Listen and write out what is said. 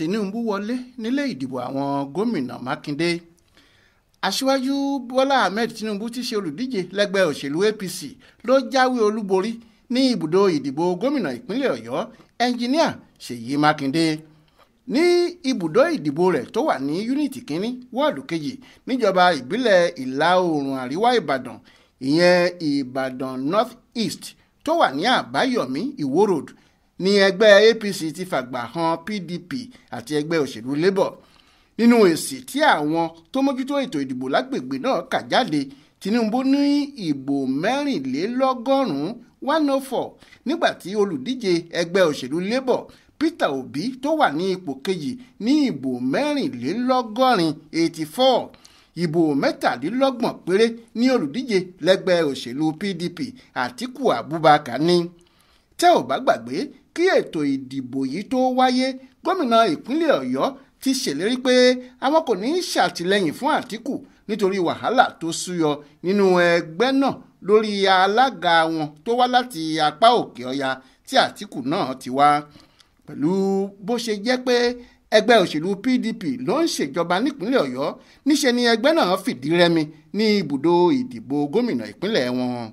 Tinubu wọlé nílé ìdìbò àwọn gómìnà Mákindé aṣíwájú Bọ́lá Ahmed Tinubu ti ṣe olùdíje lẹ́gbẹ́ òṣèlú APC ló jáwé olúborí ní ibùdó ìdìbò gómìnà ìpínlẹ̀ Ọ̀yọ́ ẹnjiníà Ṣèyí Mákindé ní ibùdó ìdìbò rẹ̀ tó wà ní yúnítì kínní wọ́ọ̀dù kejì níjọba ìbílẹ̀ ìlà oòrùn àríwá Ìbàdàn ìyẹn Ìbàdàn North East tó wà ní Àbáyọ̀mí Ìwó ni ẹgbẹ́ APC ti fàgbà han PDP àti ẹgbẹ́ òṣèlú Labour nínú èsì tí àwọn tó mójútó ètò ìdìbò lágbègbè náà kà jáde Tinubu ní ìbò mẹ́rìnlélọ́gọ́rùn-ún one oh four nígbà tí olùdíje ẹgbẹ́ òṣèlú Labour Peter Obi tó wà ní ipò kejì ní ìbò mẹ́rìnlélọ́gọ́rin eighty four ìbò mẹ́tàdínlọ́gbọ̀n péré ní olùdíje lẹ́gbẹ́ òṣèlú PDP Atiku Abubakar ní tẹ́ ò bá gbàgbé kí ètò ìdìbò yìí tó wáyé gómìnà ìpínlẹ̀ ọ̀yọ́ ti ṣèlérí pé àwọn kò ní í ṣàtìlẹ́yìn fún àtìkù nítorí wàhálà tó súyọ nínú ẹgbẹ́ náà lórí alága wọn tó wá láti apá òkè ọya tí àtìkù náà ti wá pẹ̀lú bó ṣe jẹ́ pé ẹgbẹ́ òṣèlú PDP ló ń ṣèjọba nípínlẹ̀ ọ̀yọ́ níṣe ni ẹgbẹ́ náà fìdí rẹmi ní ibùdó ìdìbò gómìnà ìpínlẹ̀ wọn.